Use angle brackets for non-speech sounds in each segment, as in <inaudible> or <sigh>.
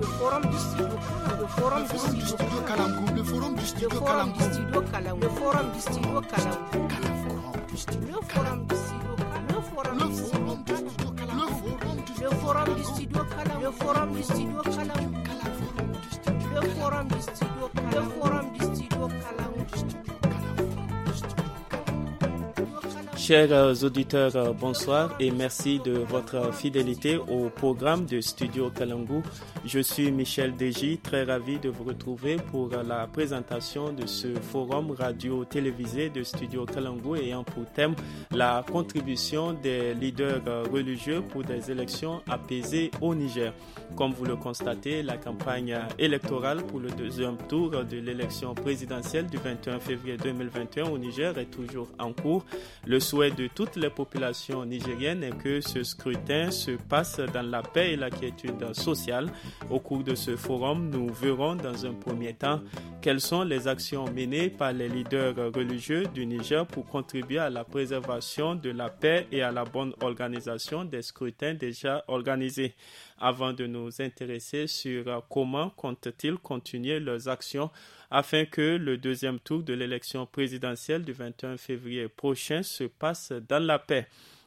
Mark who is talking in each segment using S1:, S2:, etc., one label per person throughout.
S1: le forum du le forum du le forum du le forum du le forum du le forum du le forum du le forum du
S2: le forum du le forum Chers euh, auditeurs, euh, bonsoir et merci de votre fidélité au programme de Studio Kalangu. Je suis Michel Deji, très ravi de vous retrouver pour euh, la présentation de ce forum radio-télévisé de Studio Kalangu ayant pour thème la contribution des leaders religieux pour des élections apaisées au Niger. Comme vous le constatez, la campagne électorale pour le deuxième tour de l'élection présidentielle du 21 février 2021 au Niger est toujours en cours. Le souhait de toutes les populations nigériennes est que ce scrutin se passe dans la paix et la quiétude sociale. Au cours de ce forum, nous verrons dans un premier temps quelles sont les actions menées par les leaders religieux du Niger pour contribuer à la préservation de la paix et à la bonne organisation des scrutins déjà organisés. Avant de nous intéresser sur comment comptent-ils continuer leurs actions, afin que le deuxième tour de l'élection présidentielle du 21 février prochain se passe dans la paix.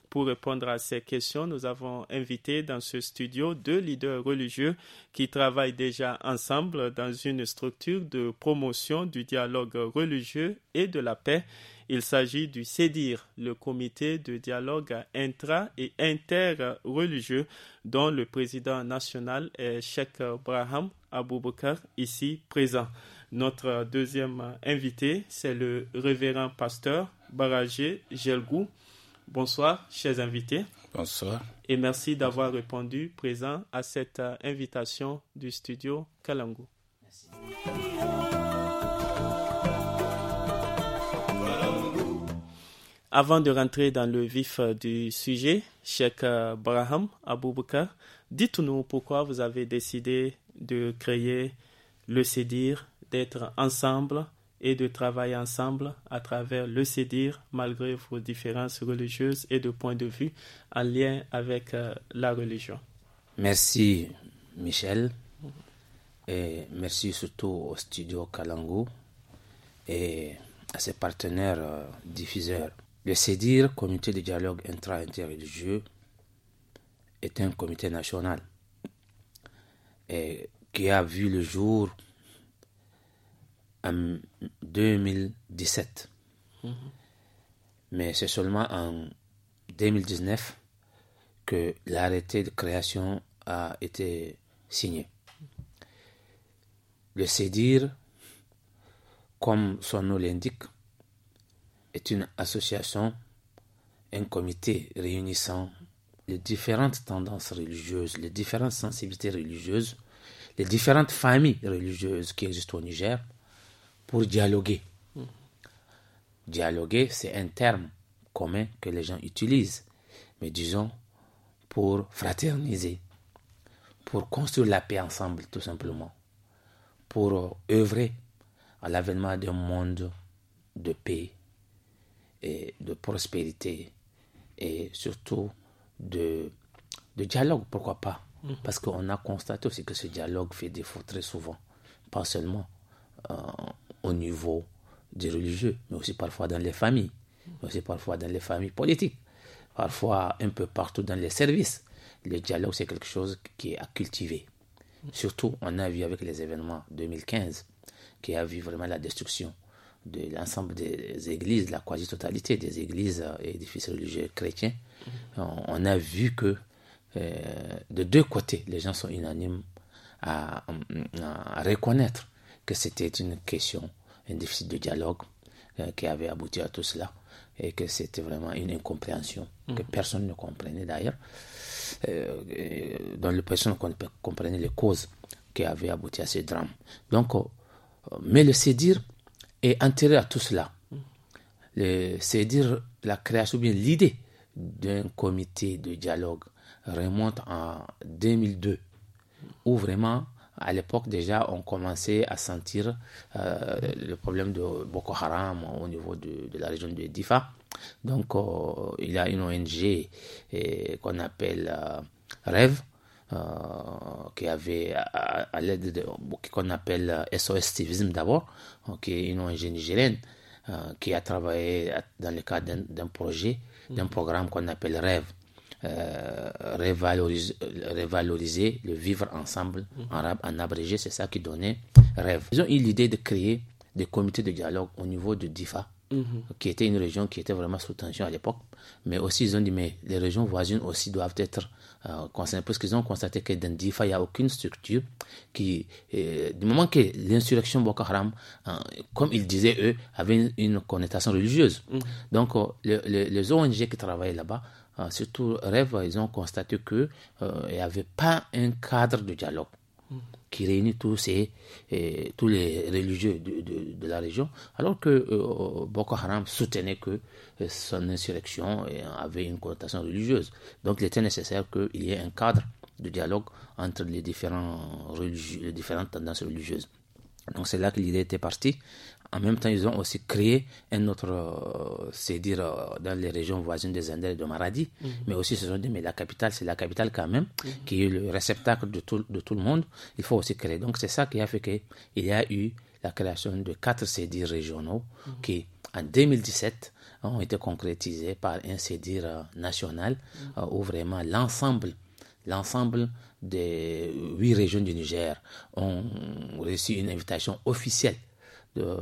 S2: Pour répondre à ces questions, nous avons invité dans ce studio deux leaders religieux qui travaillent déjà ensemble dans une structure de promotion du dialogue religieux et de la paix. Il s'agit du CEDIR, le comité de dialogue intra- et interreligieux, dont le président national est Sheikh Braham Aboubakar, ici présent. Notre deuxième invité, c'est le révérend pasteur Barajé Gelgou. Bonsoir, chers invités. Bonsoir. Et merci d'avoir répondu présent à cette euh, invitation du studio Kalangu. Merci. Avant de rentrer dans le vif euh, du sujet, Cheikh euh, Braham Aboubouka, dites-nous pourquoi vous avez décidé de créer le CEDIR, d'être ensemble et de travailler ensemble à travers le CEDIR, malgré vos différences religieuses et de points de vue en lien avec euh, la religion.
S1: Merci Michel et merci surtout au studio Kalango et à ses partenaires euh, diffuseurs. Le CEDIR, Comité de dialogue intra-interreligieux, est un comité national qui a vu le jour en 2017. Mais c'est seulement en 2019 que l'arrêté de création a été signé. Le CEDIR, comme son nom l'indique, est une association, un comité réunissant les différentes tendances religieuses, les différentes sensibilités religieuses, les différentes familles religieuses qui existent au Niger, pour dialoguer. Dialoguer, c'est un terme commun que les gens utilisent, mais disons pour fraterniser, pour construire la paix ensemble tout simplement, pour œuvrer à l'avènement d'un monde de paix et de prospérité et surtout de, de dialogue, pourquoi pas. Mm-hmm. Parce qu'on a constaté aussi que ce dialogue fait défaut très souvent, pas seulement au niveau des religieux, mais aussi parfois dans les familles, mais aussi parfois dans les familles politiques, parfois un peu partout dans les services. Le dialogue, c'est quelque chose qui est à cultiver. Surtout, on a vu avec les événements 2015, qui a vu vraiment la destruction de l'ensemble des églises, la quasi-totalité des églises et édifices religieux chrétiens. On a vu que euh, de deux côtés, les gens sont unanimes à reconnaître que c'était une question, un déficit de dialogue euh, qui avait abouti à tout cela et que c'était vraiment une incompréhension que mhm. personne ne comprenait d'ailleurs, euh, dont le personne ne comprenait les causes qui avaient abouti à ce drame. Donc, euh, mais le dire est enterré à tout cela. Le dire la création, bien l'idée d'un comité de dialogue remonte en 2002, où vraiment à l'époque déjà, on commençait à sentir euh, le problème de Boko Haram au niveau de, la région de Difa. Donc, euh, il y a une ONG qu'on appelle euh, Rêve. Euh, qui avait à, l'aide de qu'on appelle SOS Civisme d'abord, qui est une ONG nigérienne qui a travaillé dans le cadre d'un projet, d'un mm-hmm. programme qu'on appelle Rêve, euh, révaloriser, le vivre ensemble mm. en arabe, en abrégé, c'est ça qui donnait rêve. Ils ont eu l'idée de créer des comités de dialogue au niveau de DIFA, mm-hmm. qui était une région qui était vraiment sous tension à l'époque. Mais aussi, ils ont dit, mais les régions voisines aussi doivent être euh, concernées, parce qu'ils ont constaté que dans Difa, il n'y a aucune structure qui, euh, du moment que l'insurrection Boko Haram, comme ils disaient eux, avait une, connotation religieuse. Mm-hmm. Donc, les ONG qui travaillaient là-bas euh, surtout Rêve, ils ont constaté qu'il euh, n'y avait pas un cadre de dialogue hmm. qui réunit tous, ces, euh, tous les religieux de, de, la région, alors que Boko Haram soutenait que son insurrection avait une connotation religieuse. Donc il était nécessaire qu'il y ait un cadre de dialogue entre les, différents les différentes tendances religieuses. Donc c'est là que l'idée était partie. En même temps, ils ont aussi créé un autre, euh, euh dans les régions voisines des Indes et de Maradi. Mhm. Mais aussi, ils se sont dit, mais la capitale, c'est la capitale quand même, mhm. qui est le réceptacle de tout, le monde. Il faut aussi créer. Donc, c'est ça qui a fait qu'il y a eu la création de quatre CDIR régionaux mhm. qui, en 2017, ont été concrétisés par un CDIR euh, national euh, où vraiment l'ensemble l'ensemble des huit régions du Niger ont reçu une invitation officielle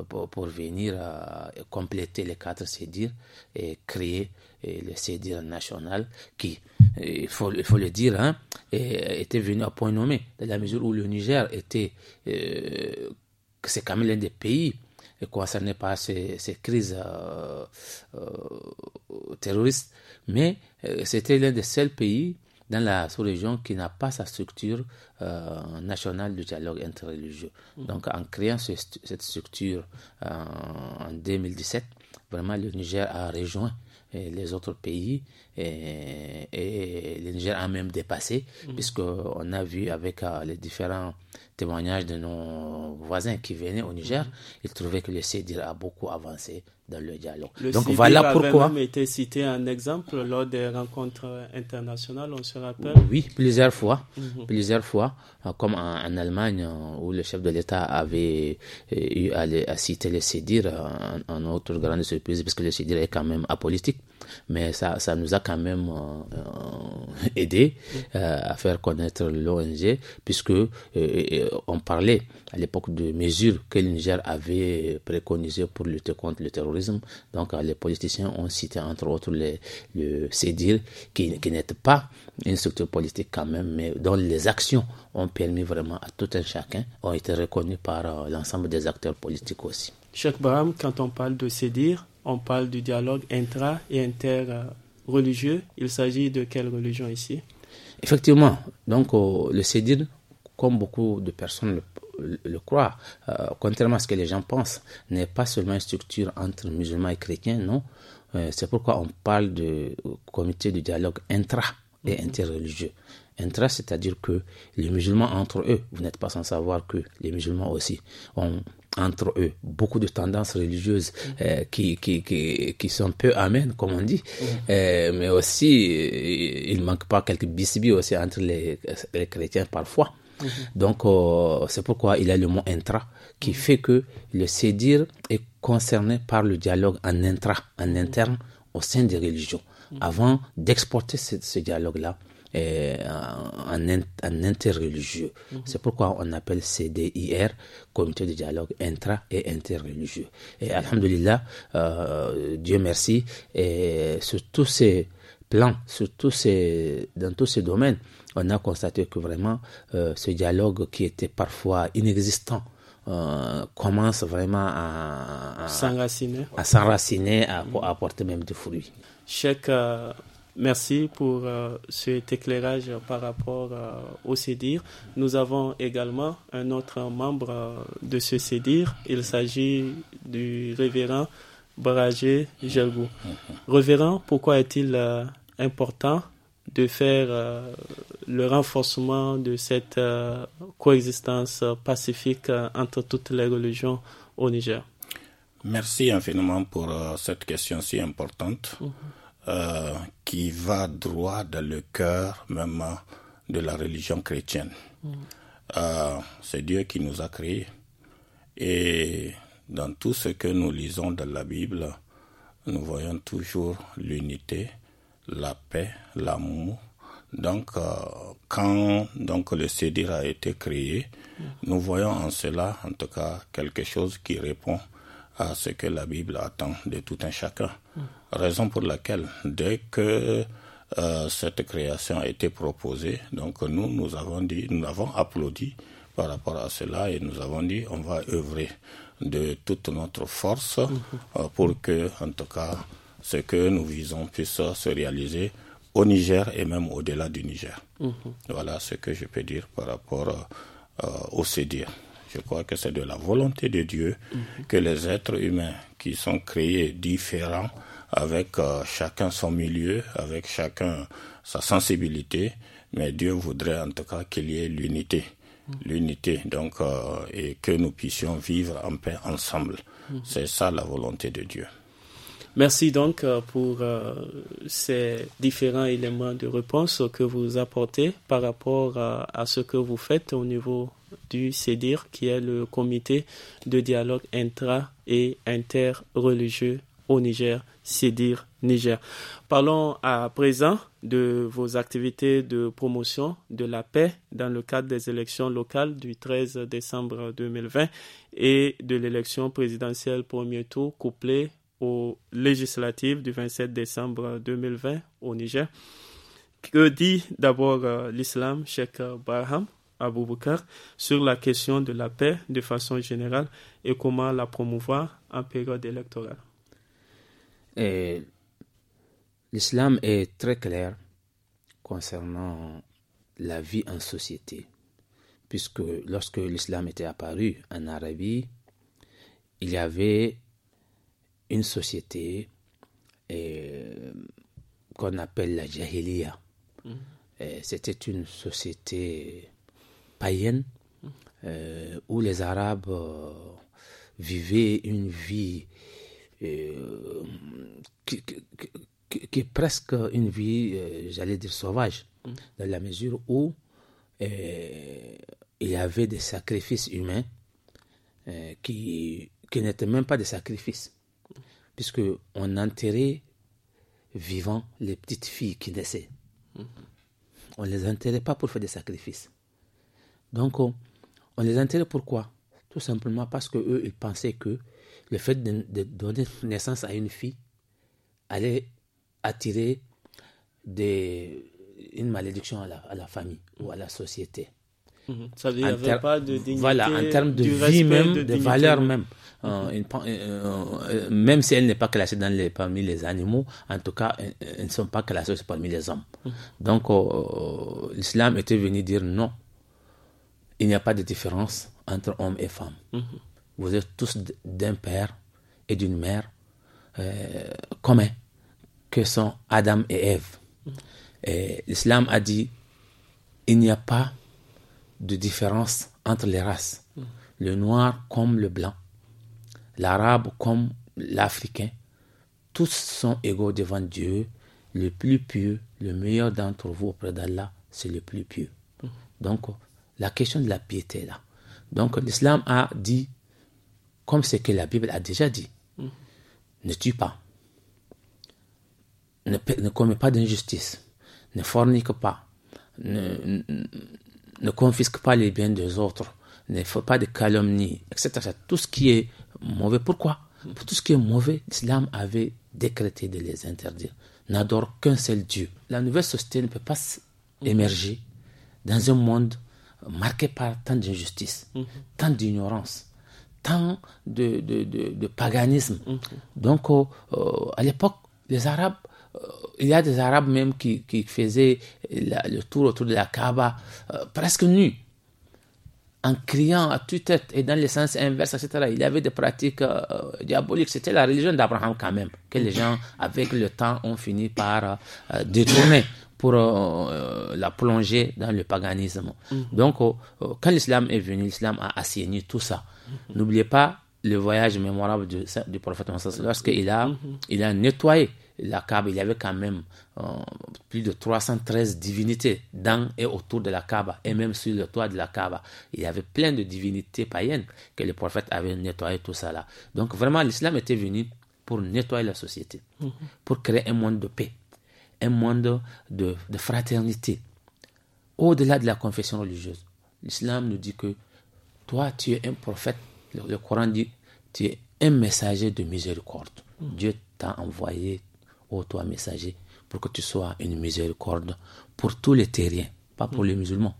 S1: pour, venir à euh, compléter les quatre CEDIR et créer le CEDIR national qui, il faut, il faut le dire, hein, était venu à point nommé, dans la mesure où le Niger était, euh, c'est quand même l'un des pays concernés par ces, ces crises euh, terroristes, mais c'était l'un des seuls pays dans la sous-région qui n'a pas sa structure euh, nationale du dialogue interreligieux. Mm. Donc en créant cette structure euh, en 2017, vraiment le Niger a rejoint euh, les autres pays et, le Niger a même dépassé, mhm. puisque puisqu'on a vu avec euh, les différents témoignages de nos voisins qui venaient au Niger, mhm. ils trouvaient que le CEDIR a beaucoup avancé dans le dialogue. Le Donc voilà pourquoi. Avait
S2: même été cité un exemple lors des rencontres internationales, on se rappelle. Oui, plusieurs fois, mhm.
S1: plusieurs fois, euh, comme en, Allemagne euh, où le chef de l'État avait eu à, citer le CEDIR en, autre grande surprise, puisque le CEDIR est quand même apolitique, mais ça, ça nous a quand même euh, euh, aidé euh, à faire connaître l'ONG, puisque on parlait à l'époque de mesures que le Niger avait préconisées pour lutter contre le terrorisme. Donc les politiciens ont cité entre autres le CEDIR, qui, n'est pas une structure politique quand même, mais dont les actions ont permis vraiment à tout un chacun, ont été reconnues par l'ensemble des acteurs politiques aussi.
S2: Cheikh Baham, quand on parle de CEDIR, on parle du dialogue intra et inter religieux. Il s'agit de quelle religion ici
S1: Effectivement, donc euh, le Sédir, comme beaucoup de personnes le croient, euh, contrairement à ce que les gens pensent, n'est pas seulement une structure entre musulmans et chrétiens, non. Euh, c'est pourquoi on parle de comité de dialogue intra et mhm. interreligieux. Intra, c'est-à-dire que les musulmans entre eux, vous n'êtes pas sans savoir que les musulmans aussi ont entre eux. Beaucoup de tendances religieuses mm. euh, qui, qui, qui, qui, sont peu amènes, comme on dit. Mm. Euh, mais aussi, euh, il manque pas quelques bisbis aussi entre les, chrétiens parfois. Mm-hmm. Donc, c'est pourquoi il y a le mot intra qui mm-hmm. fait que le sédir est concerné par le dialogue en intra, en interne, au sein des religions. Mm-hmm. Avant d'exporter ce dialogue-là, et euh, en interreligieux. Mhm. C'est pourquoi on appelle CDIR, Comité de dialogue intra et interreligieux. Et Alhamdulillah, euh, Dieu merci, et sur tous ces plans, sur tous ces, dans tous ces domaines, on a constaté que vraiment euh, ce dialogue qui était parfois inexistant, euh, commence vraiment à, à s'enraciner, à, apporter mhm. même des fruits. Cheikh
S2: Merci pour euh, cet éclairage par rapport euh, au CEDIR. Nous avons également un autre membre euh, de ce CEDIR. Il s'agit du révérend Baragé Jelgou. Mm-hmm. Révérend, pourquoi est-il important de faire le renforcement de cette coexistence pacifique entre toutes les religions au Niger
S3: Merci infiniment pour cette question si importante. Mm-hmm. Euh, qui va droit dans le cœur même de la religion chrétienne. Mm. Euh, c'est Dieu qui nous a créés. Et dans tout ce que nous lisons dans la Bible, nous voyons toujours l'unité, la paix, l'amour. Donc, euh, quand donc, le Cédir a été créé, mm. nous voyons en cela, en tout cas, quelque chose qui répond à ce que la Bible attend de tout un chacun. Mm. Raison pour laquelle, dès que euh, cette création a été proposée, donc nous, nous avons dit, nous avons applaudi par rapport à cela et nous avons dit, on va œuvrer de toute notre force euh, pour que, en tout cas, ce que nous visons puisse se réaliser au Niger et même au-delà du Niger. Mhm. Voilà ce que je peux dire par rapport euh, au CDI. Je crois que c'est de la volonté de Dieu mhm. que les êtres humains qui sont créés différents avec euh, chacun son milieu, avec chacun sa sensibilité, mais Dieu voudrait en tout cas qu'il y ait l'unité, mm. l'unité, donc euh, et que nous puissions vivre en paix ensemble. Mm-hmm. C'est ça la volonté de Dieu.
S2: Merci donc euh, pour ces différents éléments de réponse que vous apportez par rapport à, ce que vous faites au niveau du CEDIR, qui est le comité de dialogue intra- et interreligieux au Niger, dire Niger. Parlons à présent de vos activités de promotion de la paix dans le cadre des élections locales du 13 décembre 2020 et de l'élection présidentielle premier tour couplée aux législatives du 27 décembre 2020 au Niger. Que dit d'abord euh, l'islam, Sheikh Barham Aboubakar, sur la question de la paix de façon générale et comment la promouvoir en période électorale
S1: et l'islam est très clair concernant la vie en société, puisque lorsque l'islam était apparu en Arabie, il y avait une société qu'on appelle la Jahiliya. Mm-hmm. C'était une société païenne mm-hmm. euh, où les Arabes euh, vivaient une vie euh, qui, est presque une vie, euh, j'allais dire, sauvage, mm. dans la mesure où euh, il y avait des sacrifices humains qui, qui n'étaient même pas des sacrifices, puisque on enterrait vivant les petites filles qui naissaient. Mm-hmm. On ne les enterrait pas pour faire des sacrifices. Donc, on, on les enterrait pourquoi Tout simplement parce que eux, ils pensaient que le fait de, donner naissance à une fille allait attirer des, une malédiction à la, famille ou à la société. Mhm. Ça veut dire pas de dignité. Voilà, en termes de vie même, de, valeur même. Ah, mhm. euh, euh, euh, même si elle n'est pas classée dans les, parmi les animaux, en tout cas, elles ne sont pas classées parmi les hommes. Mhm. Donc, oh, oh, l'islam était venu dire non, il n'y a pas de différence entre hommes et femmes. Vous êtes tous d'un père et d'une mère euh, commun, que sont Adam et Ève. Et l'islam a dit, il n'y a pas de différence entre les races. Le noir comme le blanc, l'arabe comme l'africain, tous sont égaux devant Dieu. Le plus pieux, le meilleur d'entre vous auprès d'Allah, c'est le plus pieux. Donc, la question de la piété là. Donc, l'islam a dit comme ce que la Bible a déjà dit. Mhm. Ne tue pas. Ne, commets pas d'injustice. Ne fornique pas. Ne, confisque pas les biens des autres. Ne fais pas de calomnie, etc. Tout ce qui est mauvais. Pourquoi mhm. Pour tout ce qui est mauvais, l'islam avait décrété de les interdire. N'adore qu'un seul Dieu. La nouvelle société ne peut pas mhm. émerger dans un monde marqué par tant d'injustice, tant d'ignorance, tant de, de, de, paganisme. Mhm. Donc, euh, euh, à l'époque, les Arabes, euh, il y a des Arabes même qui, qui faisaient le tour autour de la Kaaba presque nus, en criant à toute tête et dans le sens inverse, etc. Il y avait des pratiques diaboliques. C'était la religion d'Abraham quand même, que les gens, avec le temps, ont fini par détourner pour la plonger dans le paganisme. Mhm. Donc, quand l'islam est venu, l'islam a assaini tout ça. N'oubliez pas le voyage mémorable du, prophète Mohammed lorsqu'il a, il a nettoyé la Kaaba. Il y avait quand même euh, plus de 313 divinités dans et autour de la Kaaba et même sur le toit de la Kaaba. Il y avait plein de divinités païennes que le prophète avait nettoyé tout ça là. Donc vraiment, l'islam était venu pour nettoyer la société, pour créer un monde de paix, un monde de fraternité, au-delà de la confession religieuse. L'islam nous dit que toi, tu es un prophète. Le, Coran dit, tu es un messager de miséricorde. Dieu t'a envoyé, ô toi messager, pour que tu sois une miséricorde pour tous les terriens, pas pour mm. les musulmans,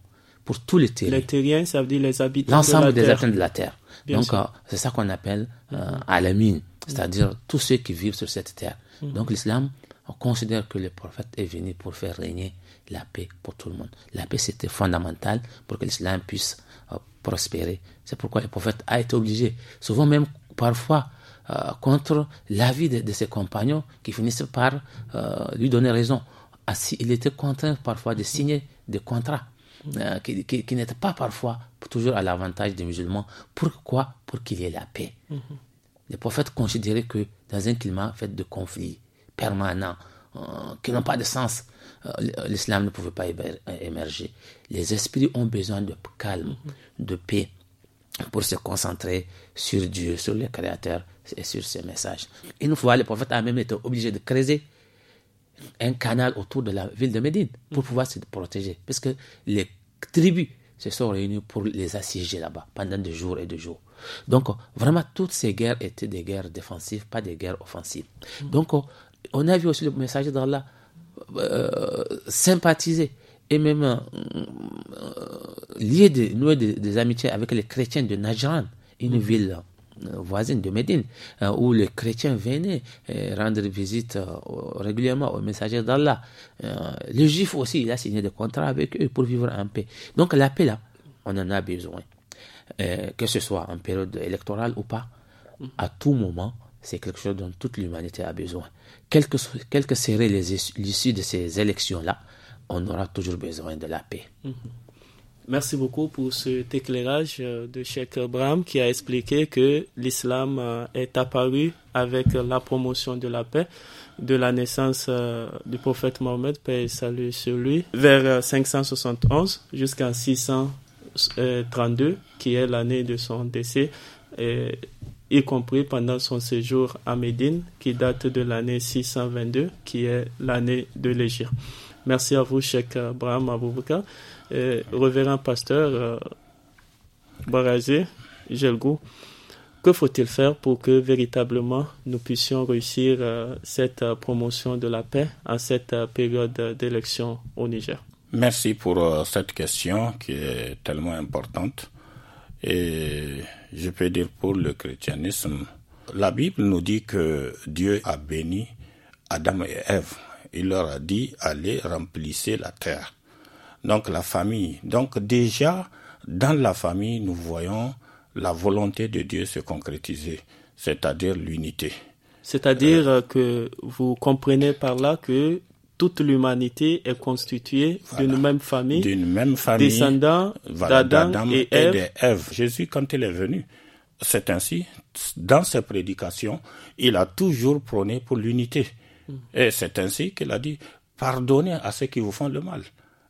S1: pour tous les terriens. Les terriens, ça
S2: veut dire les habitants. de la terre. L'ensemble des habitants de la terre. Donc, euh,
S1: c'est ça qu'on appelle euh, alamine, c'est-à-dire mm. tous ceux qui vivent sur cette terre. Mm. Donc, l'islam on considère que le prophète est venu pour faire régner la paix pour tout le monde. La paix, c'était fondamental pour que l'islam puisse euh, prospérer. C'est pourquoi le prophète a été obligé, souvent même parfois, euh, contre l'avis de, ses compagnons qui finissent par euh, lui donner raison. Ah, il était contraint parfois de signer des contrats qui, n'étaient pas parfois toujours à l'avantage des musulmans. Pourquoi Pour qu'il y ait la paix. Mm-hmm. Le prophète considérait que dans un climat fait de conflits, permanents, euh, qui n'ont pas de sens, euh, l'islam ne pouvait pas émerger. Les esprits ont besoin de calme, de paix, pour se concentrer sur Dieu, sur le Créateur et sur ses messages. Une fois, le prophète a même été obligé de creuser un canal autour de la ville de Médine pour pouvoir se protéger, parce que les tribus se sont réunies pour les assiéger là-bas pendant des jours et des jours. Donc, vraiment, toutes ces guerres étaient des guerres défensives, pas des guerres offensives. Donc, on a vu aussi le messager d'Allah euh, sympathiser et même euh, euh, lier nouer des, amitiés avec les chrétiens de Najran, une mhm. ville voisine de Médine, où les chrétiens venaient rendre visite régulièrement aux messagers d'Allah. le juif aussi, il a signé des contrats avec eux pour vivre en paix. Donc la paix, là, on en a besoin. que ce soit en période électorale ou pas, mhm. à tout moment, c'est quelque chose dont toute l'humanité a besoin. Quelle que, serait l'issue de ces élections-là, on aura toujours besoin de la paix.
S2: Mhm. Merci beaucoup pour cet éclairage euh, de Sheikh abraham qui a expliqué que l'islam euh, est apparu avec la promotion de la paix de la naissance euh, du prophète Mohammed, paix et salut sur lui, vers 571 jusqu'en 632, qui est l'année de son décès. Et y compris pendant son séjour à Médine, qui date de l'année 622, qui est l'année de l'Égypte. Merci à vous, Cheikh Abraham Aboubouka. Et, pasteur euh, Barazé, Que faut-il faire pour que véritablement nous puissions réussir euh, cette euh, promotion de la paix en cette période d'élection au Niger
S3: Merci pour cette question qui est tellement importante. Et je peux dire pour le christianisme, la Bible nous dit que Dieu a béni Adam et Ève. Il leur a dit, allez remplissez la terre. Donc la famille. Donc déjà, dans la famille, nous voyons la volonté de Dieu se concrétiser, c'est-à-dire l'unité.
S2: C'est-à-dire euh, que vous comprenez par là que toute
S3: l'humanité est constituée d'une même famille, d'une même famille, descendant d'Adam et, d'Ève. Jésus, quand il est venu, c'est ainsi, dans ses prédications, il a toujours prôné pour l'unité. Mm. Et c'est ainsi qu'il a dit, pardonnez à ceux qui vous font le mal.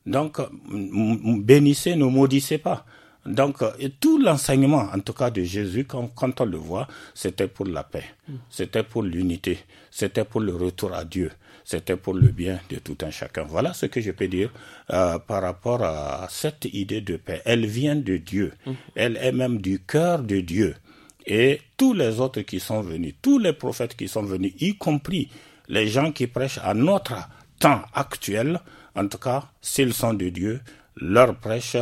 S3: Donc, bénissez, ne maudissez pas. Donc, tout l'enseignement, en tout cas de Jésus, quand, on le voit, c'était pour la paix, mm. c'était pour l'unité, c'était pour le retour à Dieu c'était pour le bien de tout un chacun. Voilà ce que je peux dire euh, par rapport à cette idée de paix. Elle vient de Dieu, elle est même du cœur de Dieu. Et tous les autres qui sont venus, tous les prophètes qui sont venus, y compris les gens qui prêchent à notre temps actuel, en tout cas, s'ils sont de Dieu, leur prêche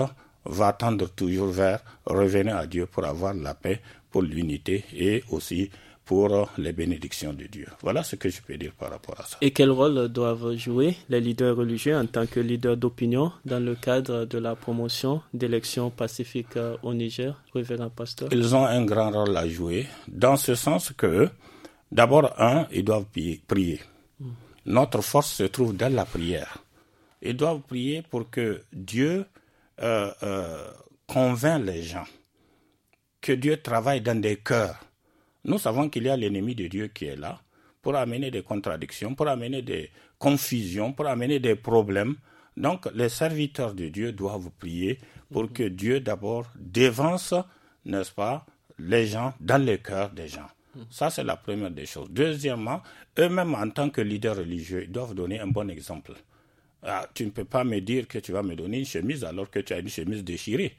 S3: va tendre toujours vers revenir à Dieu pour avoir la paix, pour l'unité et aussi pour les bénédictions de Dieu. Voilà ce que je peux dire par rapport à ça.
S2: Et quel rôle doivent jouer les leaders religieux en tant que leaders d'opinion dans le cadre de la promotion d'élections pacifiques euh, au Niger, révérend pasteur Ils ont un grand
S3: rôle à jouer, dans ce sens que, d'abord, un, ils doivent prier. Hmm. Notre force se trouve dans la prière. Ils doivent prier pour que Dieu euh, euh, convainc les gens, que Dieu travaille dans des cœurs nous savons qu'il y a l'ennemi de Dieu qui est là pour amener des contradictions, pour amener des confusions, pour amener des problèmes. Donc les serviteurs de Dieu doivent prier pour que Dieu d'abord dévance, n'est-ce pas, les gens dans le cœur des gens. Ça, c'est la première des choses. Deuxièmement, eux-mêmes, en tant que leaders religieux, ils doivent donner un bon exemple. Ah, tu ne peux pas me dire que tu vas me donner une chemise alors que tu as une chemise déchirée.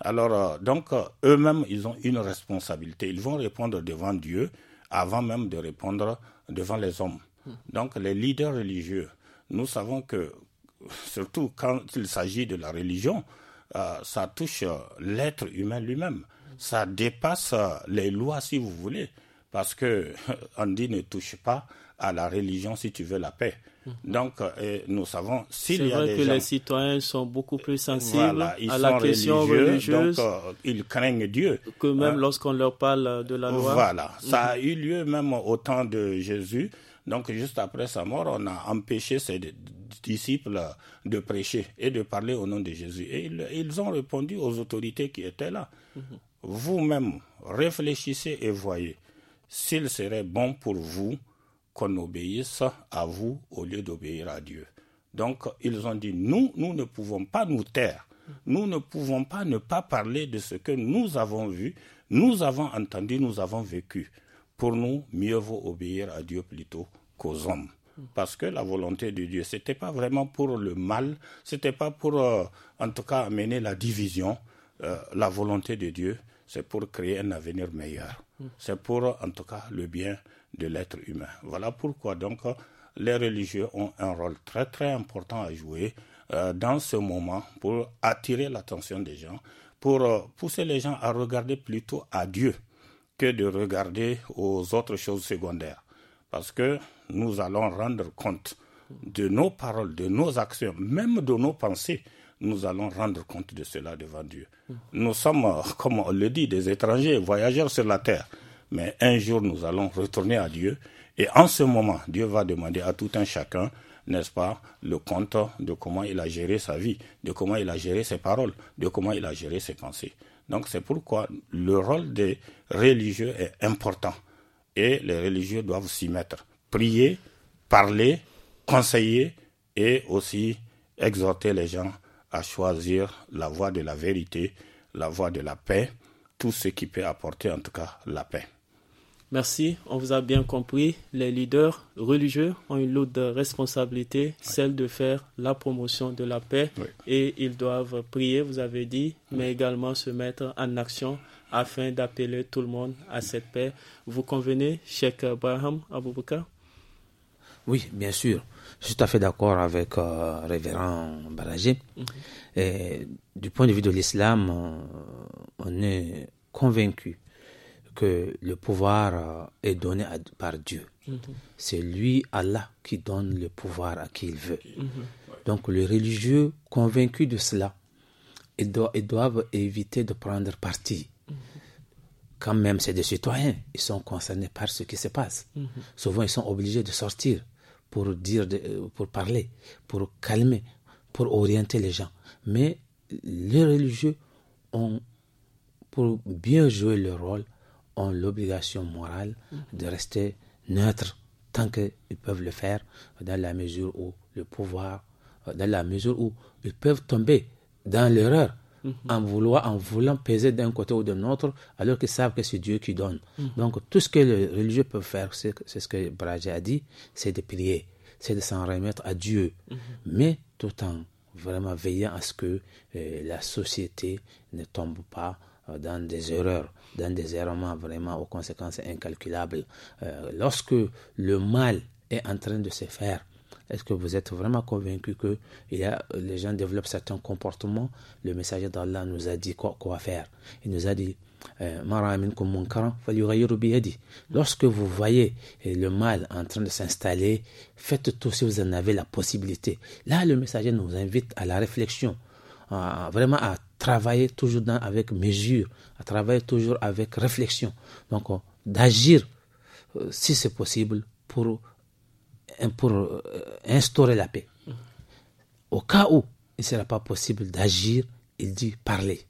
S3: Alors, euh, donc, euh, eux-mêmes, ils ont une responsabilité. Ils vont répondre devant Dieu avant même de répondre devant les hommes. Hmm. Donc, les leaders religieux, nous savons que, <laughs> surtout quand il s'agit de la religion, euh, ça touche l'être humain lui-même. Hmm. Ça dépasse les lois, si vous voulez, parce que <laughs> on dit ne touche pas à la religion si tu veux la paix. Donc, euh, nous savons s'il y a vrai que les
S2: citoyens sont beaucoup plus sensibles à la question religieuse. Donc, euh,
S3: ils craignent Dieu. Que même hein.
S2: lorsqu'on leur parle de la loi. Voilà, ça mhm. a
S3: eu lieu même au temps de Jésus. Donc, juste après sa mort, on a empêché ses disciples de prêcher et de parler au nom de Jésus. Et ils, ont répondu aux autorités qui étaient là. Mhm. Vous-même, réfléchissez et voyez s'il serait bon pour vous qu'on obéisse à vous au lieu d'obéir à Dieu. Donc ils ont dit, nous, nous ne pouvons pas nous taire, nous ne pouvons pas ne pas parler de ce que nous avons vu, nous avons entendu, nous avons vécu. Pour nous, mieux vaut obéir à Dieu plutôt qu'aux hommes. Parce que la volonté de Dieu, ce n'était pas vraiment pour le mal, ce n'était pas pour, euh, en tout cas, amener la division. Euh, la volonté de Dieu, c'est pour créer un avenir meilleur. C'est pour, en tout cas, le bien de l'être humain. Voilà pourquoi donc euh, les religieux ont un rôle très très important à jouer euh, dans ce moment pour attirer l'attention des gens, pour euh, pousser les gens à regarder plutôt à Dieu que de regarder aux autres choses secondaires. Parce que nous allons rendre compte de nos paroles, de nos actions, même de nos pensées. Nous allons rendre compte de cela devant Dieu. Mmh. Nous sommes, comme on le dit, des étrangers, voyageurs sur la terre mais un jour nous allons retourner à Dieu. Et en ce moment, Dieu va demander à tout un chacun, n'est-ce pas, le compte de comment il a géré sa vie, de comment il a géré ses paroles, de comment il a géré ses pensées. Donc c'est pourquoi le rôle des religieux est important. Et les religieux doivent s'y mettre. Prier, parler, conseiller et aussi exhorter les gens à choisir la voie de la vérité, la voie de la paix, tout ce qui peut apporter en tout cas la paix.
S2: Merci, on vous a bien compris. Les leaders religieux ont une lourde responsabilité, celle de faire la promotion de la paix. Et ils doivent prier, vous avez dit, mais également se mettre en action afin d'appeler tout le monde à cette paix. Vous convenez, Sheikh Abraham Aboubouka
S1: Oui, bien sûr. Je suis tout à fait d'accord avec euh, Révérend Barajé. Mhm. du point de vue de l'islam, on est convaincu que le pouvoir euh, est donné par Dieu. Mhm. C'est lui, Allah, qui donne le pouvoir à qui il veut. Mhm. Donc les religieux convaincus de cela, ils, doivent éviter de prendre parti. Mhm. Quand même, c'est des citoyens, ils sont concernés par ce qui se passe. Souvent, ils sont obligés de sortir pour dire, euh, pour parler, pour calmer, pour orienter les gens. Mais les religieux ont, pour bien jouer leur rôle, ont l'obligation morale de rester neutre tant qu'ils peuvent le faire, dans la mesure où le pouvoir, dans la mesure où ils peuvent tomber dans l'erreur mhm. en, en voulant peser d'un côté ou de l'autre, alors qu'ils savent que c'est Dieu qui donne. Mhm. Donc tout ce que les religieux peuvent faire, c'est ce que Braja a dit, c'est de prier, c'est de s'en remettre à Dieu, mhm. mais tout en vraiment veillant à ce que euh, la société ne tombe pas euh, dans des erreurs, dans des errements vraiment aux conséquences incalculables. Euh, lorsque le mal est en train de se faire, est-ce que vous êtes vraiment convaincu que il a, les gens développent certains comportements Le messager d'Allah nous a dit quoi, faire. Il nous a dit euh, Lorsque vous voyez le mal en train de s'installer, faites tout si vous en avez la possibilité. Là, le messager nous invite à la réflexion, vraiment à travailler toujours avec mesure, travailler toujours avec réflexion. Donc, euh, d'agir, euh, si c'est possible, pour, euh, pour instaurer la paix. Au cas où il ne sera pas possible d'agir, il dit parler.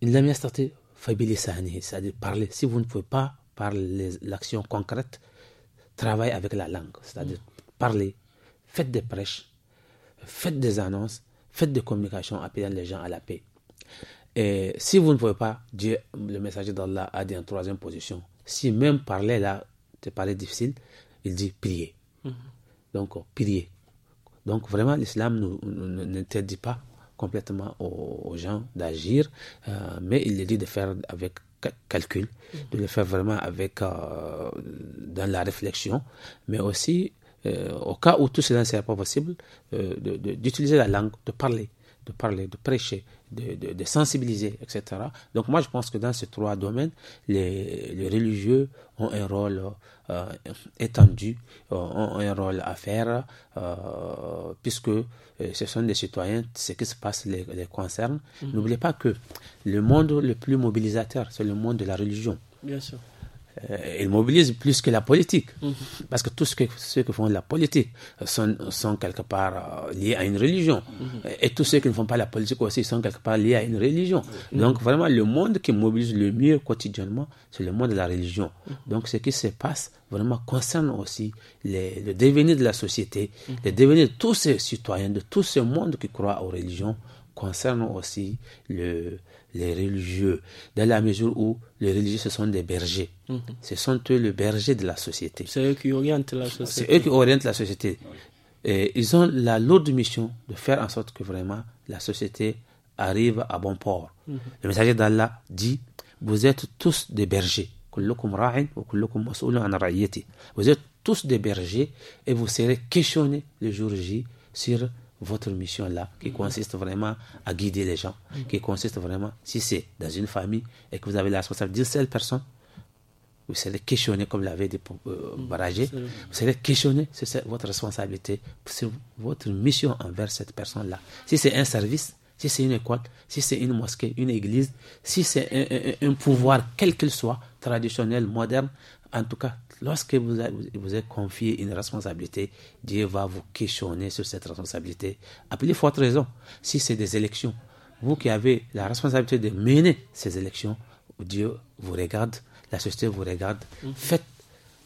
S1: Il a mis à c'est-à-dire parler. Si vous ne pouvez pas parler l'action concrète, travaillez avec la langue, c'est-à-dire parler, faites des prêches, faites des annonces, Faites des communications appelant les gens à la paix. Et si vous ne pouvez pas, Dieu, le messager d'Allah a dit en troisième position, si même parler là, te parler difficile, il dit prier. Mm-hmm. Donc, prier. Donc, vraiment, l'islam nous n'interdit pas complètement aux, gens d'agir, euh, mais il les dit de faire avec calcul, mm-hmm. de le faire vraiment avec euh, dans la réflexion, mais aussi euh, au cas où tout cela ne serait pas possible, euh, d'utiliser la langue, de parler, de parler, de prêcher, de, de, sensibiliser, etc. Donc moi, je pense que dans ces trois domaines, les, les religieux ont un rôle euh, étendu, ont un rôle à faire, puisque ce sont des citoyens, ce qui se passe les, les concerne. Mhm. N'oubliez pas que le monde le plus mobilisateur, c'est le monde de la religion. Bien sûr euh, ils mobilisent plus que la politique. Mhm. Parce que tout ce que ceux qui font de la politique sont, quelque part euh, liés à une religion. Mhm. Et, tous ceux qui ne font pas la politique aussi sont quelque part liés à une religion. Mhm. Donc vraiment, le monde qui mobilise le mieux quotidiennement, c'est le monde de la religion. Donc ce qui se passe vraiment concerne aussi le devenir de la société, le devenir de tous ces citoyens, de tout ce monde qui croit aux religions, concerne aussi le, les religieux, dans la mesure où les religieux, ce sont des bergers. Mhm. Ce sont eux les bergers de la société. C'est eux qui orientent la société. C'est eux qui orientent la société. Et ils ont la lourde mission de faire en sorte que vraiment la société arrive à bon port. Mhm. Le messager d'Allah dit, vous êtes tous des bergers. Vous êtes tous des bergers et vous serez questionnés le jour J sur votre mission là, qui mm-hmm. consiste vraiment à guider les gens, mm-hmm. qui consiste vraiment, si c'est dans une famille et que vous avez la responsabilité de cette personne, vous serez questionné comme l'avait dit euh, mm-hmm. vous serez questionné c'est votre responsabilité, c'est votre mission envers cette personne-là. Si c'est un service, si c'est une école, si c'est une mosquée, une église, si c'est un, pouvoir, quel qu'il soit, traditionnel, moderne, en tout cas, lorsque vous, avez vous êtes confié une responsabilité, Dieu va vous questionner sur cette responsabilité. Appelez forte raison. Si c'est des élections, vous qui avez la responsabilité de mener ces élections, Dieu vous regarde, la société vous regarde. Mhm. Faites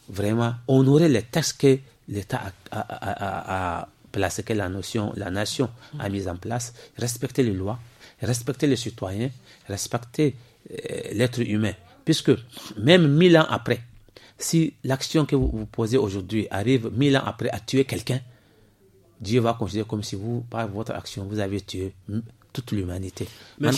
S1: vraiment honorer les textes que l'État a, a, que la, notion, la nation a mhm. mis en place. Respectez les lois, respectez les citoyens, respectez euh, l'être humain. Puisque même mille ans après, si l'action que vous, vous posez aujourd'hui arrive mille ans après à tuer quelqu'un, Dieu va considérer comme si vous, par votre action, vous avez tué toute l'humanité. Mhm.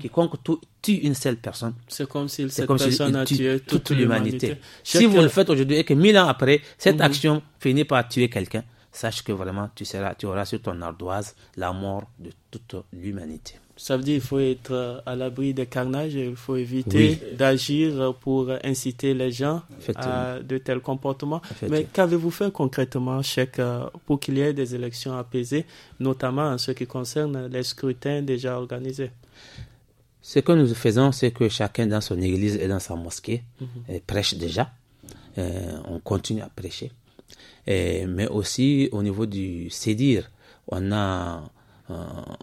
S1: Quiconque tue une seule personne, c'est comme si cette personne a tué toute, l'humanité. Si vous le faites aujourd'hui et que mille ans après, cette mhm. action finit par tuer quelqu'un, sache que vraiment tu, seras, tu auras sur ton ardoise la mort de toute l'humanité.
S2: Ça veut dire qu'il faut être euh, à l'abri des carnages, il faut éviter d'agir pour inciter les gens à de tels comportements. Mais qu'avez-vous fait concrètement, Chèque, euh, pour qu'il y ait des élections apaisées, notamment en ce qui concerne les scrutins déjà organisés
S1: Ce que nous faisons, c'est que chacun dans son église et dans sa mosquée mhm. euh, prêche déjà. on continue à prêcher. mais aussi au niveau du sédir, on a,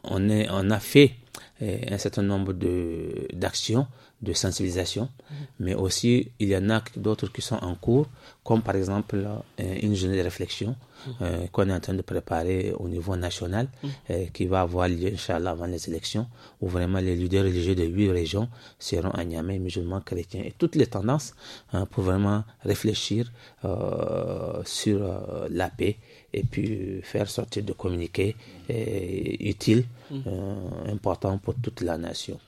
S1: on, est, on a fait un certain nombre d'actions de, sensibilisation, mm-hmm. mais aussi il y en a d'autres qui sont en cours, comme par exemple euh, une journée de réflexion mm-hmm. euh, qu'on est en train de préparer au niveau national, mm-hmm. euh, qui va avoir lieu, Inch'Allah, avant les élections, où vraiment les leaders religieux de huit régions seront à Niamey, musulmans, chrétiens, et toutes les tendances hein, pour vraiment réfléchir sur la paix et puis faire sortir de communiqués euh, utiles, mm. euh, importants pour toute la nation.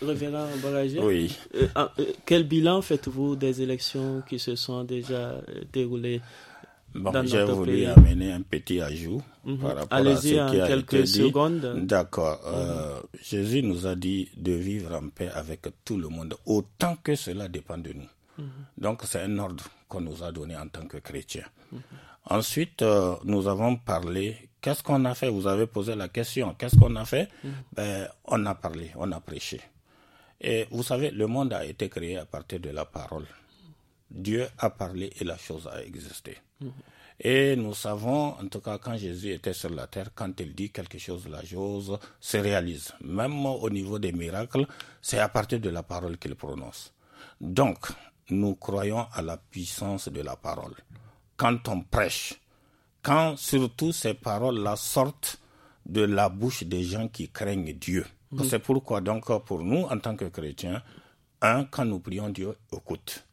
S2: Révérend Baragé, oui. Euh, ah, quel bilan faites-vous des élections qui se sont déjà déroulées Bon, j'ai voulu amener un petit ajout mm-hmm. par rapport à ce qui a quelques secondes.
S3: D'accord. Mm-hmm. Jésus nous a dit de vivre en paix avec tout le monde, autant que cela dépend de nous. Mm-hmm. Donc c'est un ordre qu'on nous a donné en tant que chrétiens. Ensuite, euh, nous avons parlé. Qu'est-ce qu'on a fait Vous avez posé la question. Qu'est-ce qu'on a fait mm-hmm. ben, On a parlé, on a prêché. Et vous savez, le monde a été créé à partir de la parole. Dieu a parlé et la chose a existé. Mm-hmm. Et nous savons, en tout cas, quand Jésus était sur la terre, quand il dit quelque chose, la chose se réalise. Même au niveau des miracles, c'est à partir de la parole qu'il prononce. Donc, nous croyons à la puissance de la parole quand on prêche, quand surtout ces paroles-là sortent de la bouche des gens qui craignent Dieu. Mhm. C'est pourquoi donc pour nous, en tant que chrétiens, un, quand nous prions Dieu, écoute.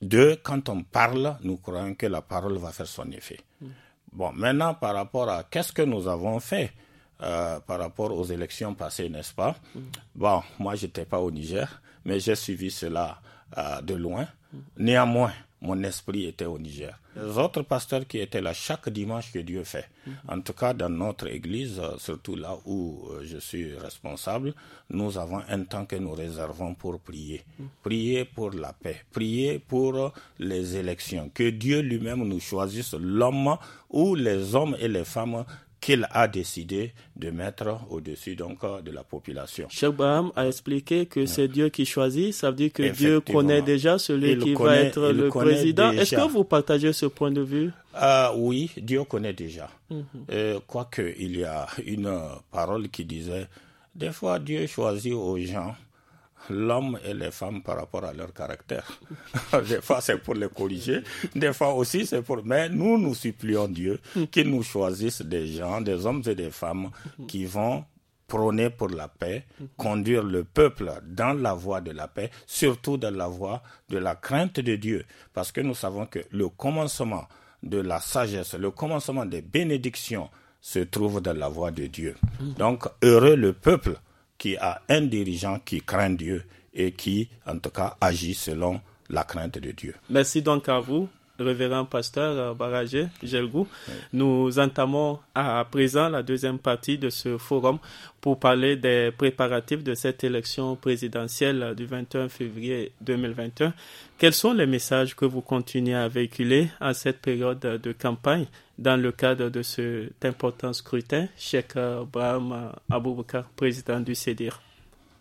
S3: Deux, quand on parle, nous croyons que la parole va faire son effet. Mhm. Bon, maintenant par rapport à qu'est-ce que nous avons fait euh, par rapport aux élections passées, n'est-ce pas mhm. Bon, moi, je n'étais pas au Niger, mais j'ai suivi cela euh, de loin. Néanmoins, mon esprit était au Niger autres pasteurs qui étaient là chaque dimanche que Dieu fait. En tout cas, dans notre église, euh, surtout là où euh, je suis responsable, nous avons un temps que nous réservons pour prier. Prier pour la paix, prier pour les élections, que Dieu lui-même nous choisisse l'homme ou les hommes et les femmes qu'il a décidé de mettre au-dessus donc de la population. Cheikh Baham a
S2: expliqué que c'est Dieu qui choisit, ça veut dire que Dieu connaît déjà celui qui va être le président. Est-ce que vous partagez ce point de vue
S3: Ah Oui, Dieu connaît déjà. Mhm. Euh, quoique il y a une parole qui disait, des fois Dieu choisit aux gens l'homme et les femmes par rapport à leur caractère. <laughs> des fois, c'est pour les corriger, des fois aussi, c'est pour... Mais nous, nous supplions Dieu qu'il nous choisisse des gens, des hommes et des femmes qui vont prôner pour la paix, conduire le peuple dans la voie de la paix, surtout dans la voie de la crainte de Dieu, parce que nous savons que le commencement de la sagesse, le commencement des bénédictions se trouve dans la voie de Dieu. Donc, heureux le peuple qui a un dirigeant qui craint Dieu et qui, en tout cas, agit selon la crainte de Dieu.
S2: Merci donc à vous révérend pasteur euh, Baragé Gelgou. Nous entamons à présent la deuxième partie de ce forum pour parler des préparatifs de cette élection présidentielle du 21 février 2021. Quels sont les messages que vous continuez à véhiculer à cette période de campagne dans le cadre de cet important scrutin Cheikh Abraham euh, euh, Aboubakar, président du CEDIR.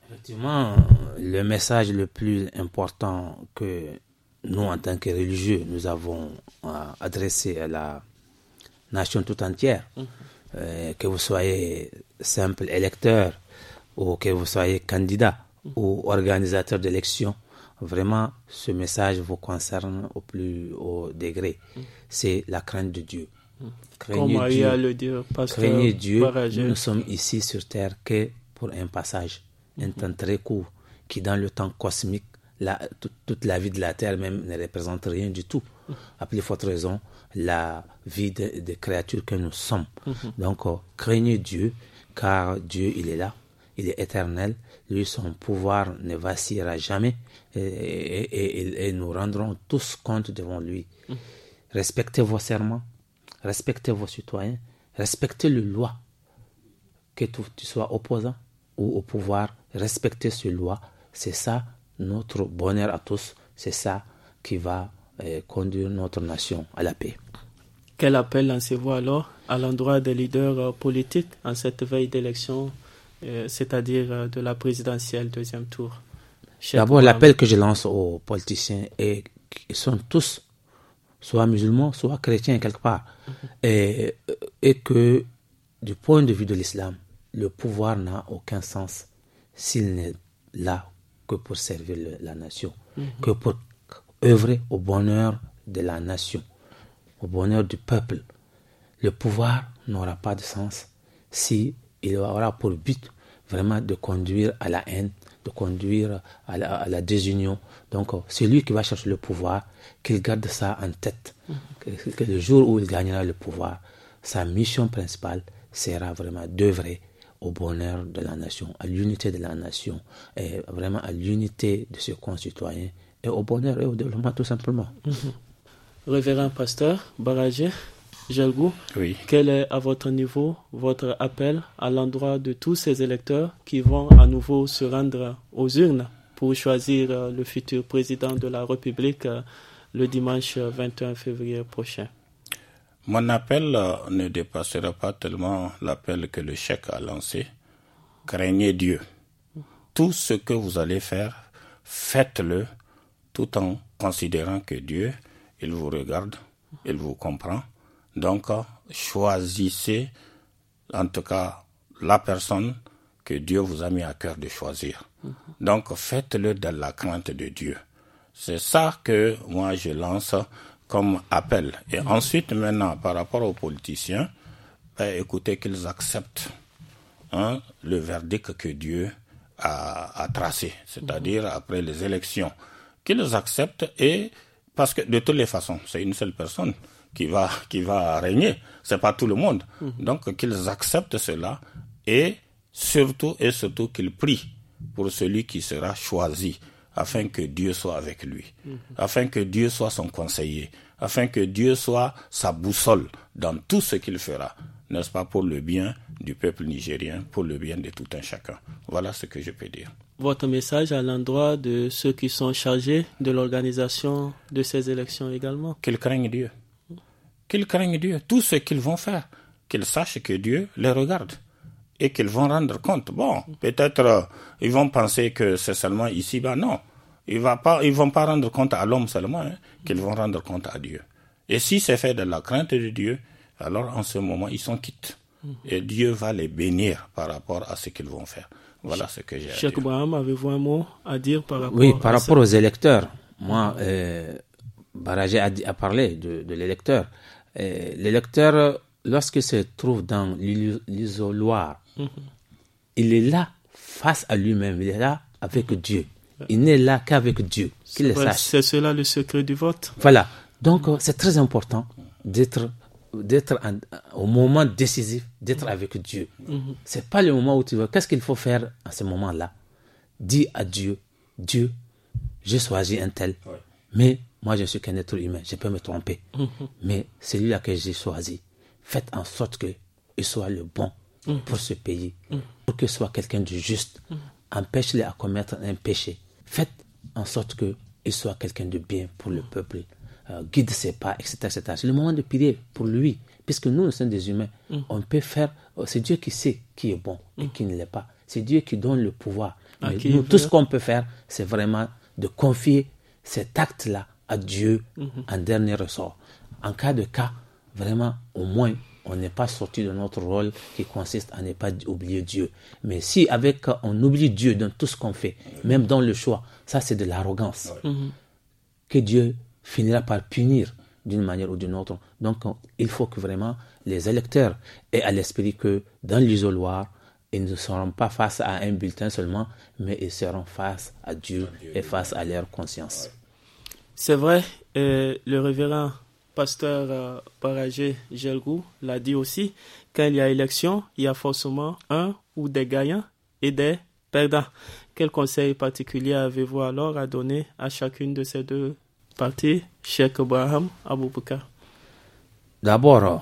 S1: Effectivement, le message le plus important que nous, en tant que religieux, nous avons euh, adressé à la nation tout entière, mhm. euh, que vous soyez simple électeur ou que vous soyez candidat mhm. ou organisateur d'élection, vraiment, ce message vous concerne au plus haut degré. Mhm. C'est la crainte de Dieu. Craignez Dieu, le craignez Dieu. Nous sommes ici sur Terre que pour un passage, un temps très court qui, dans le temps cosmique, toute la vie de la Terre même ne représente rien du tout. À plus forte raison, la vie des créatures que nous sommes. Mhm. Donc, euh, craignez Dieu, car Dieu, il est là, il est éternel, lui, son pouvoir ne vacillera jamais, et, nous rendrons tous compte devant lui. Mhm. Respectez vos serments, respectez vos citoyens, respectez les loi que tu, sois opposant ou au pouvoir, respectez ces loi c'est ça notre bonheur à tous. C'est ça qui va euh, conduire notre nation à la paix.
S2: Quel appel lancez-vous alors à l'endroit des leaders euh, politiques en cette veille d'élection, euh, c'est-à-dire de la présidentielle deuxième tour
S1: D'abord, l'appel que je lance aux politiciens est qu'ils sont tous soit musulmans, soit chrétiens quelque part, mhm. et, et que du point de vue de l'islam, le pouvoir n'a aucun sens s'il n'est là que pour servir la nation, mhm. que pour œuvrer au bonheur de la nation, au bonheur du peuple. Le pouvoir n'aura pas de sens si il aura pour but vraiment de conduire à la haine, de conduire à la, désunion. Donc, euh, celui qui va chercher le pouvoir, qu'il garde ça en tête, mhm. que, le jour où il gagnera le pouvoir, sa mission principale sera vraiment d'œuvrer au bonheur de la nation, à l'unité de la nation, et vraiment à l'unité de ses concitoyens, et au bonheur et au développement tout simplement. Mhm.
S2: Révérend pasteur Barajé quel est à votre niveau votre appel à l'endroit de tous ces électeurs qui vont à nouveau se rendre aux urnes pour choisir euh, le futur président de la République euh, le dimanche 21 février prochain
S3: mon appel euh, ne dépassera pas tellement l'appel que le chèque a lancé. Craignez Dieu. Tout ce que vous allez faire, faites-le tout en considérant que Dieu, il vous regarde, il vous comprend. Donc, euh, choisissez, en tout cas, la personne que Dieu vous a mis à cœur de choisir. Donc, faites-le dans la crainte de Dieu. C'est ça que moi je lance comme appel. Et ensuite, maintenant, par rapport aux politiciens, ben, écoutez qu'ils acceptent hein, le verdict que Dieu a, tracé, c'est-à-dire mhm. après les élections, qu'ils acceptent et parce que de toutes les façons, c'est une seule personne qui va qui va régner, c'est pas tout le monde. Mhm. Donc qu'ils acceptent cela et surtout et surtout qu'ils prient pour celui qui sera choisi afin que Dieu soit avec lui, mm-hmm. afin que Dieu soit son conseiller, afin que Dieu soit sa boussole dans tout ce qu'il fera, n'est-ce pas, pour le bien du peuple nigérien, pour le bien de tout un chacun. Voilà ce que je peux dire.
S2: Votre message à l'endroit de ceux qui sont chargés de l'organisation de ces élections
S3: également Qu'ils craignent Dieu. Qu'ils craignent Dieu. Tout ce qu'ils vont faire, qu'ils sachent que Dieu les regarde et qu'ils vont rendre compte. Bon, peut-être euh, ils vont penser que c'est seulement ici ben Non, ils ne vont pas rendre compte à l'homme seulement, hein. qu'ils vont rendre compte à Dieu. Et si c'est fait de la crainte de Dieu, alors en ce moment, ils sont quittes. Mhm. Et Dieu va les bénir par rapport à ce qu'ils vont faire. Voilà ce que j'ai à dire.
S2: avez-vous un mot à dire par rapport Oui, par rapport aux
S1: électeurs. Moi,
S3: euh, Barajé
S1: a, parlé de, l'électeur. Euh, l'électeur, lorsqu'il se trouve dans l'isoloir, il est là face à lui-même, il est là avec Dieu. Il n'est là qu'avec Dieu, C'est cela le secret du vote. Voilà. Donc, euh, c'est très important d'être d'être au moment décisif, d'être avec Dieu. ce C'est pas le moment où tu vas. Qu'est-ce qu'il faut faire à ce moment-là Dis à Dieu, Dieu, j'ai choisi un tel, mais moi je suis qu'un être humain, je peux me tromper. Mhm. Mais celui-là que j'ai choisi, faites en sorte qu'il soit le bon Mm. pour ce pays, mm. pour que soit quelqu'un de juste. Mm. Empêche-les à commettre un péché. Faites en sorte qu'il soit quelqu'un de bien pour le peuple. Euh, guide ses pas, etc. C'est le moment de prier pour lui, puisque nous, nous sommes des humains. On peut faire. Euh, c'est Dieu qui sait qui est bon et qui ne l'est pas. C'est Dieu qui donne le pouvoir. nous, tout ce qu'on peut faire, c'est vraiment de confier cet acte-là à Dieu mm-hmm. en dernier ressort. En cas de cas, vraiment, au moins, on n'est pas sorti de notre rôle qui consiste à ne pas oublier Dieu. Mais si avec on oublie Dieu dans tout ce qu'on fait, même dans le choix, ça c'est de l'arrogance mhm. que Dieu finira par punir d'une manière ou d'une autre. Donc il faut que vraiment les électeurs aient à l'esprit que dans l'isoloir, ils ne seront pas face à un bulletin seulement, mais ils seront face à Dieu et face à leur conscience. C'est vrai, le
S2: révérend pasteur Paragé euh, Gelgou l'a dit aussi, quand il y a élection, il y a forcément un ou des gagnants et des perdants. Quel conseil particulier avez-vous alors à donner à chacune de ces deux parties, Cheikh Abraham Aboubouka
S1: D'abord, euh,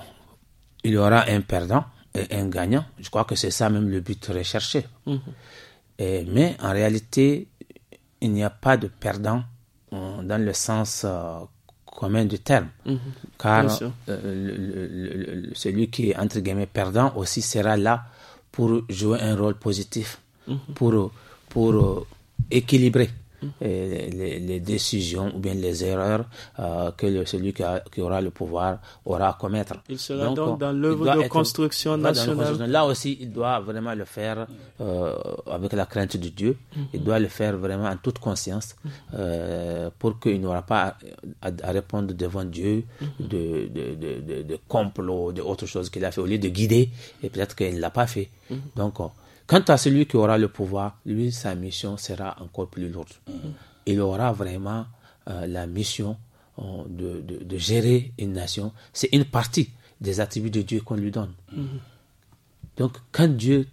S1: il y aura un perdant et un gagnant. Je crois que c'est ça même le but recherché. Mhm. mais en réalité, il n'y a pas de perdant euh, dans le sens commun du terme. Mhm. Car euh, celui qui est entre guillemets perdant aussi sera là pour jouer un rôle positif, mhm. pour, pour euh, équilibrer les, décisions ou bien les erreurs euh, que celui qui, aura le pouvoir aura à commettre. Il sera donc, dans l'œuvre de construction nationale. Là aussi, il doit vraiment le faire euh, avec la crainte de Dieu. Mm-hmm. Il doit le faire vraiment en toute conscience mm-hmm. euh, pour qu'il n'aura pas à, répondre devant Dieu mm-hmm. de, de, de, de, chose qu'il a fait, au lieu de guider, et peut-être qu'il ne l'a pas fait. Donc, Quant à celui qui aura le pouvoir, lui, sa mission sera encore plus lourde. Mhm. Il aura vraiment euh, la mission euh, de, gérer une nation. C'est une partie des attributs de Dieu qu'on lui donne. Mhm. Donc, quand Dieu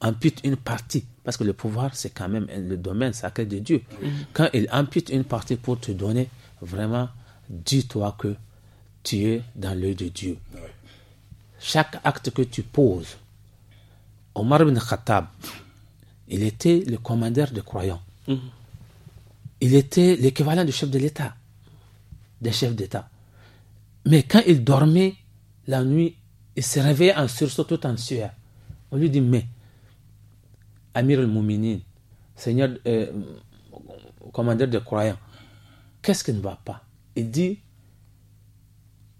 S1: ampute une partie, parce que le pouvoir, c'est quand même le domaine sacré de Dieu, mhm. quand il ampute une partie pour te donner, vraiment, dis-toi que tu es dans l'œil de Dieu. Chaque acte que tu poses, Omar ibn Khattab, il était le commandeur des croyants. Mhm. Il était l'équivalent du chef de l'État, des chefs d'État. Mais quand il dormait la nuit, il se réveillait en sursaut tout en sueur. On lui dit, mais, Amir al-Mouminin, Seigneur, euh, commandeur des croyants, qu'est-ce qui ne va pas Il dit,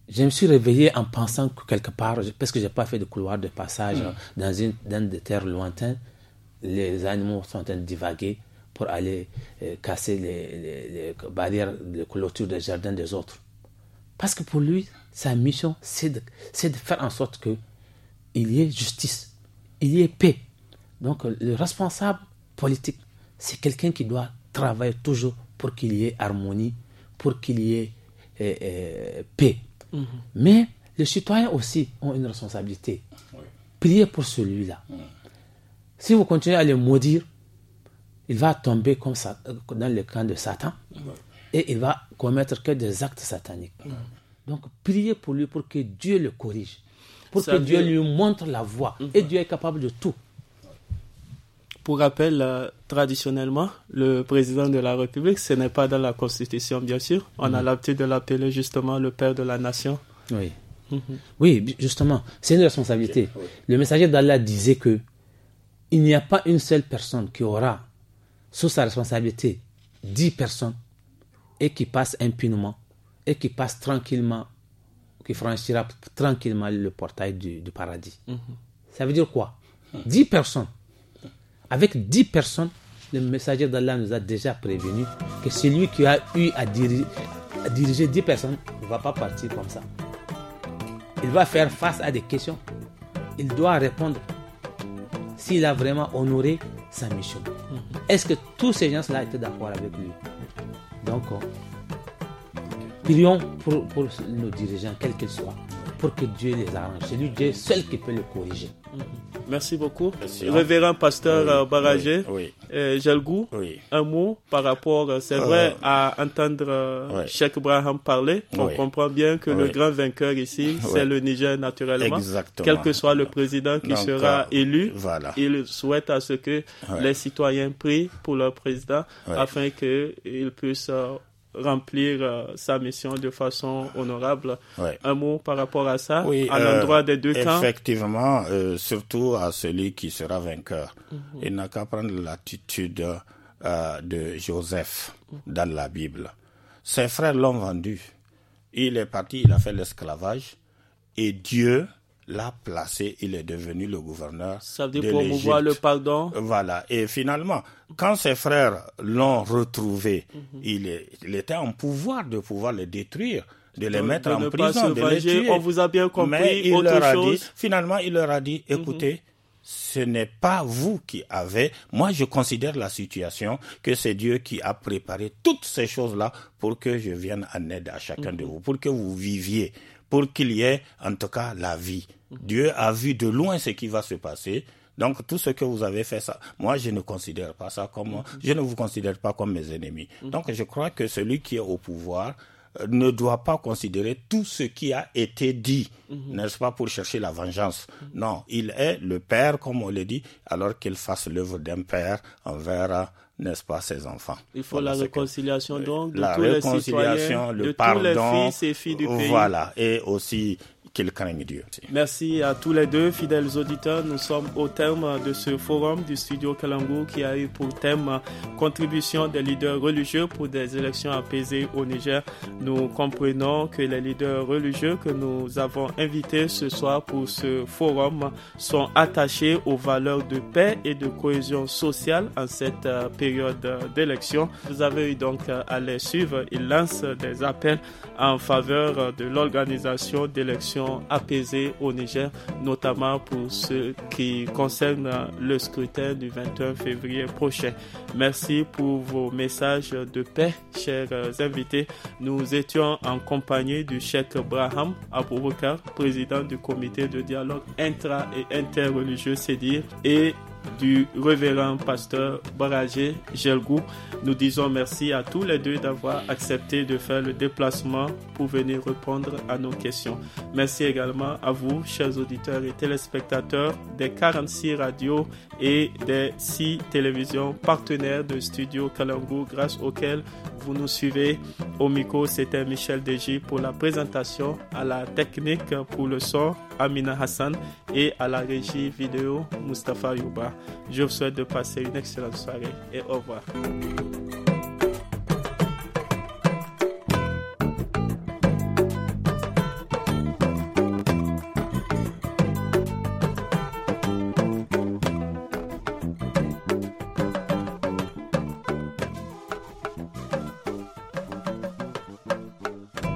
S1: je me suis réveillé en pensant que quelque part, parce que je n'ai pas fait de couloir de passage mm. dans, une, dans des terres lointaines, les animaux sont en train de divaguer pour aller euh, casser les, barrières de clôture des jardins des autres. Parce que pour lui, sa mission, c'est de, faire en sorte que il y ait justice, il y ait paix. Donc euh, le responsable politique, c'est quelqu'un qui doit travailler toujours pour qu'il y ait harmonie, pour qu'il y ait euh, paix. Mhm. Mais les citoyens aussi ont une responsabilité. Priez pour celui-là. Mhm. Si vous continuez à le maudire, il va tomber comme euh, dans le camp de Satan et il va commettre que des actes sataniques. Donc priez pour lui pour que Dieu le corrige, pour que Dieu lui montre la voie. Mhm. Et Dieu est capable de tout pour rappel, euh,
S2: traditionnellement, le président de la République, ce n'est pas dans la Constitution, bien sûr. On a mhm. l'habitude de l'appeler justement le père de la nation.
S1: Oui. Mhm. Oui, justement, c'est une responsabilité. Le messager d'Allah disait que il n'y a pas une seule personne qui aura sous sa responsabilité dix personnes et qui passe impunément et qui passe tranquillement, qui franchira tranquillement le portail du, paradis. Mhm. Ça veut dire quoi Dix personnes avec 10 personnes, le messager d'Allah nous a déjà prévenu que celui qui a eu à diriger, 10 personnes ne va pas partir comme ça. Il va faire face à des questions. Il doit répondre s'il a vraiment honoré sa mission. Mhm. Est-ce que tous ces gens-là étaient d'accord avec lui Donc, euh, prions pour, pour nos dirigeants, quels qu'ils soient pour que Dieu les arrange. C'est lui Dieu seul qui peut le corriger.
S2: Mhm. Merci beaucoup. Révérend pasteur oui, euh, Baragé, oui, euh, oui. un mot par rapport, euh, c'est vrai, à entendre Cheikh Braham parler. On comprend bien que le grand vainqueur ici, c'est le Niger naturellement. Exactement. Quel que soit le président qui sera élu, voilà. il souhaite à ce que les citoyens prient pour leur président afin qu'ils puisse remplir euh, sa mission de façon honorable. Un mot par rapport à ça, oui, à l'endroit des deux camps Effectivement,
S3: euh, surtout à celui qui sera vainqueur. Mhm. Il n'a qu'à prendre l'attitude euh, de Joseph dans la Bible. Ses frères l'ont vendu. Il est parti, il a fait l'esclavage. Et Dieu l'a placé, il est devenu le gouverneur. Ça veut dire promouvoir le pardon Voilà. Et finalement, quand ses frères l'ont retrouvé, mhm. il, était en pouvoir de pouvoir les détruire, de les mettre en prison, de les tuer. On vous a bien compris. Mais il leur a dit, finalement, il leur a dit, mhm. écoutez, ce n'est pas vous qui avez. Moi, je considère la situation que c'est Dieu qui a préparé toutes ces choses-là pour que je vienne en aide à chacun de mhm. vous, pour que vous viviez, pour qu'il y ait en tout cas la vie. Dieu a vu de loin ce qui va se passer. Donc tout ce que vous avez fait, ça, moi je ne considère pas ça comme, mhm. je ne vous considère pas comme mes ennemis. Mhm. Donc je crois que celui qui est au pouvoir euh, ne doit pas considérer tout ce qui a été dit, mhm. n'est-ce pas, pour chercher la vengeance. Non, il est le père, comme on le dit, alors qu'il fasse l'œuvre d'un père envers n'est-ce pas, ses enfants.
S2: Il faut la réconciliation donc la réconciliation, le pardon, les fils et filles du Voilà,
S3: et aussi
S2: Merci à tous les deux, fidèles auditeurs. Nous sommes au terme de ce forum du studio Kalangou qui a eu pour thème contribution des leaders religieux pour des élections apaisées au Niger. Nous comprenons que les leaders religieux que nous avons invités ce soir pour ce forum sont attachés aux valeurs de paix et de cohésion sociale en cette euh, période d'élection. Vous avez eu donc euh, à les suivre. Ils lancent des appels en faveur euh, de l'organisation d'élections apaisés au Niger, notamment pour ce qui concerne le scrutin du 21 février prochain. Merci pour vos messages de paix, chers invités. Nous étions en compagnie du Cheikh Braham Aboubakar, président du comité de dialogue intra- et interreligieux, c'est dire, et du révérend pasteur Baragé Gelgou. Nous disons merci à tous les deux d'avoir accepté de faire le déplacement pour venir répondre à nos questions. Merci également à vous, chers auditeurs et téléspectateurs des 46 radios et des 6 télévisions partenaires de Studio Kalangu grâce auxquelles vous nous suivez. Au micro, c'était Michel Deji pour la présentation à la technique pour le son Amina Hassan et à la régie vidéo Mustafa Yuba. Je vous souhaite de passer une excellente soirée et au revoir.